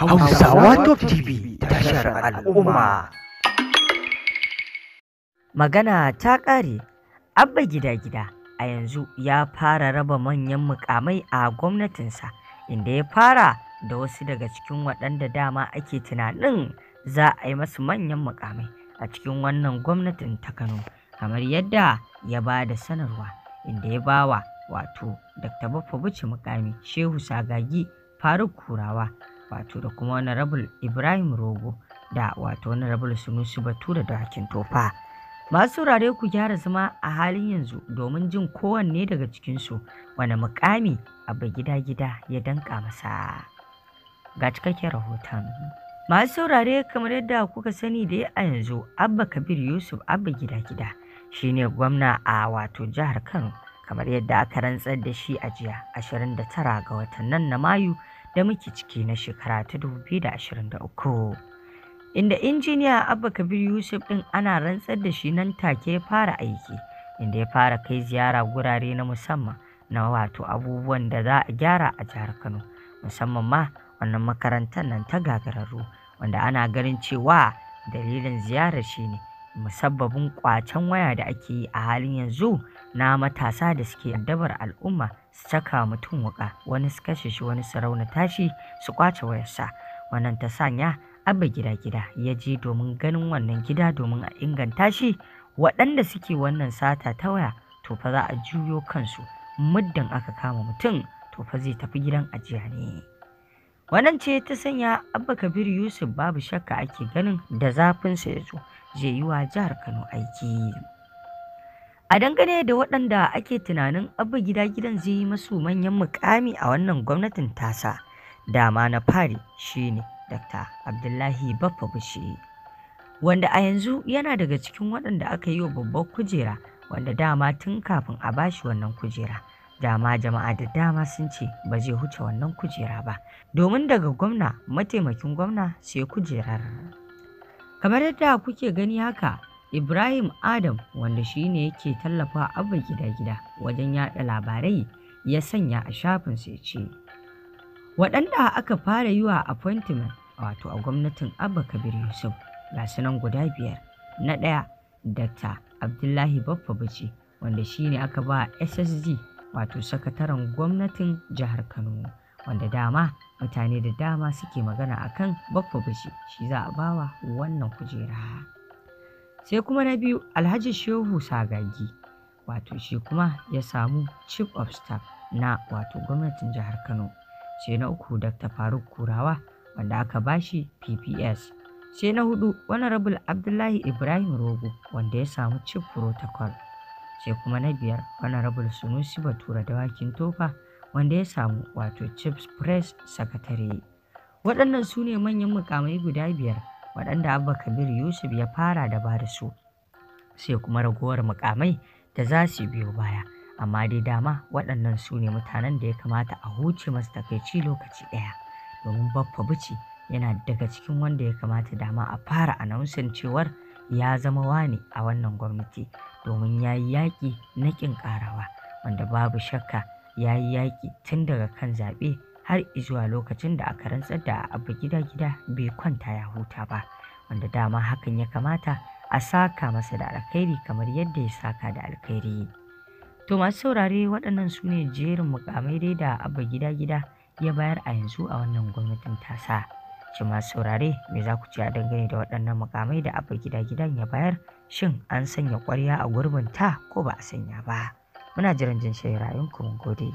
Hausawa Top TV tashar al'umma. Magana ta ƙare, abba gida-gida a yanzu ya fara raba manyan mukamai a gwamnatinsa inda ya fara da wasu daga cikin waɗanda dama ake tunanin za a yi masu manyan mukamai a cikin wannan gwamnatin ta Kano kamar yadda ya ba da sanarwa inda ya ba wa wato Dr. Baffa Buci mukami Shehu Sagagi Faruk Kurawa wato da kuma honorable ibrahim rogo da wato honorable sunusi bature da hakin tofa masu saurare ku gyara zama a halin yanzu domin jin kowanne daga cikinsu wani mukami abu gida-gida ya danka masa ga cikakken rahoton masu saurare kamar yadda kuka sani da a yanzu abba kabir yusuf abba gida-gida shine gwamna a wato jihar kano kamar yadda aka rantsar da shi a jiya 29 ga watan nan na mayu da muke ciki na shekara ta 2023 inda injiniya abba kabir yusuf din ana rantsar da shi nan take ya fara aiki inda ya fara kai ziyara gurare na musamman na wato abubuwan da za a gyara a jihar kano musamman ma wannan makarantar nan ta gagararru wanda ana ganin cewa dalilin ziyarar shi ne. musabbabin ƙwacen waya da ake yi a halin yanzu na matasa da suke addabar al'umma su caka mutum wuƙa wani su kashe shi wani su raunata tashi su ƙwace wayarsa wannan ta sanya abba gida gida ya je domin ganin wannan gida domin a inganta shi waɗanda suke wannan sata ta waya to fa za a juyo kansu muddin aka kama mutum to fa zai tafi gidan ajiya ne Wannan ce ta sanya Abba Kabir Yusuf babu shakka ake ganin da zafinsa ya zo zai yi wa jihar Kano aiki. A dangane da waɗanda ake tunanin Abba gida gidan zai yi masu manyan mukami a wannan gwamnatin tasa dama na fari shine Dr. Abdullahi Baffa Bushe wanda a yanzu yana daga cikin waɗanda aka yi wa babbar kujera wanda dama tun kafin a bashi wannan kujera dama jama'a da dama sun ce ba zai huce wannan kujera ba domin daga gwamna mataimakin gwamna sai kujerar kamar yadda kuke gani haka ibrahim adam wanda shine yake tallafa abba gida-gida wajen yada labarai ya sanya a shafin sai ce waɗanda aka fara yi wa appointment wato a gwamnatin abba kabir yusuf ga sunan guda biyar na ɗaya dr abdullahi baffa baci wanda shine aka ba ssd wato sakataren gwamnatin jihar Kano wanda dama mutane da dama suke magana akan Baffa bashi shi za a bawa wannan kujera. Sai kuma na biyu Alhaji Shehu Sagagi wato shi kuma ya samu Chief of Staff na wato gwamnatin jihar Kano. Sai na uku Dr. Faruk Kurawa wanda aka bashi PPS. Sai na hudu wani rabul Abdullahi Ibrahim Rogo wanda ya samu Chief Protocol. sai kuma na biyar honorable sunusi batura dawakin tofa wanda ya samu wato chips press sakatare. waɗannan su ne manyan mukamai guda biyar waɗanda abba kabir yusuf ya fara da ba da su sai kuma ragowar mukamai da za su biyo baya amma dai dama waɗannan su ne mutanen da ya kamata a huce masu takaici lokaci ɗaya domin baffa bici yana daga cikin wanda ya kamata dama a fara anausin cewar ya zama wane a wannan gwamnati domin ya yi yaƙi na ƙin ƙarawa wanda babu shakka ya yi yaƙi tun daga kan zaɓe har izuwa lokacin da aka rantsar da abu gida-gida bai kwanta ya huta ba wanda dama hakan ya kamata a saka masa da alkhairi kamar yadda ya saka da alkhairi to masu saurare waɗannan su ne jerin mukamai dai da abu gida-gida ya bayar a yanzu a wannan gwamnatin tasa. su masu saurare me za ku ci a dangane da waɗannan mukamai da abin gida gidan ya bayar shin an sanya ƙwarya a gurbin ta ko ba a sanya ba muna jiran jin shirya ra'ayinku mun gode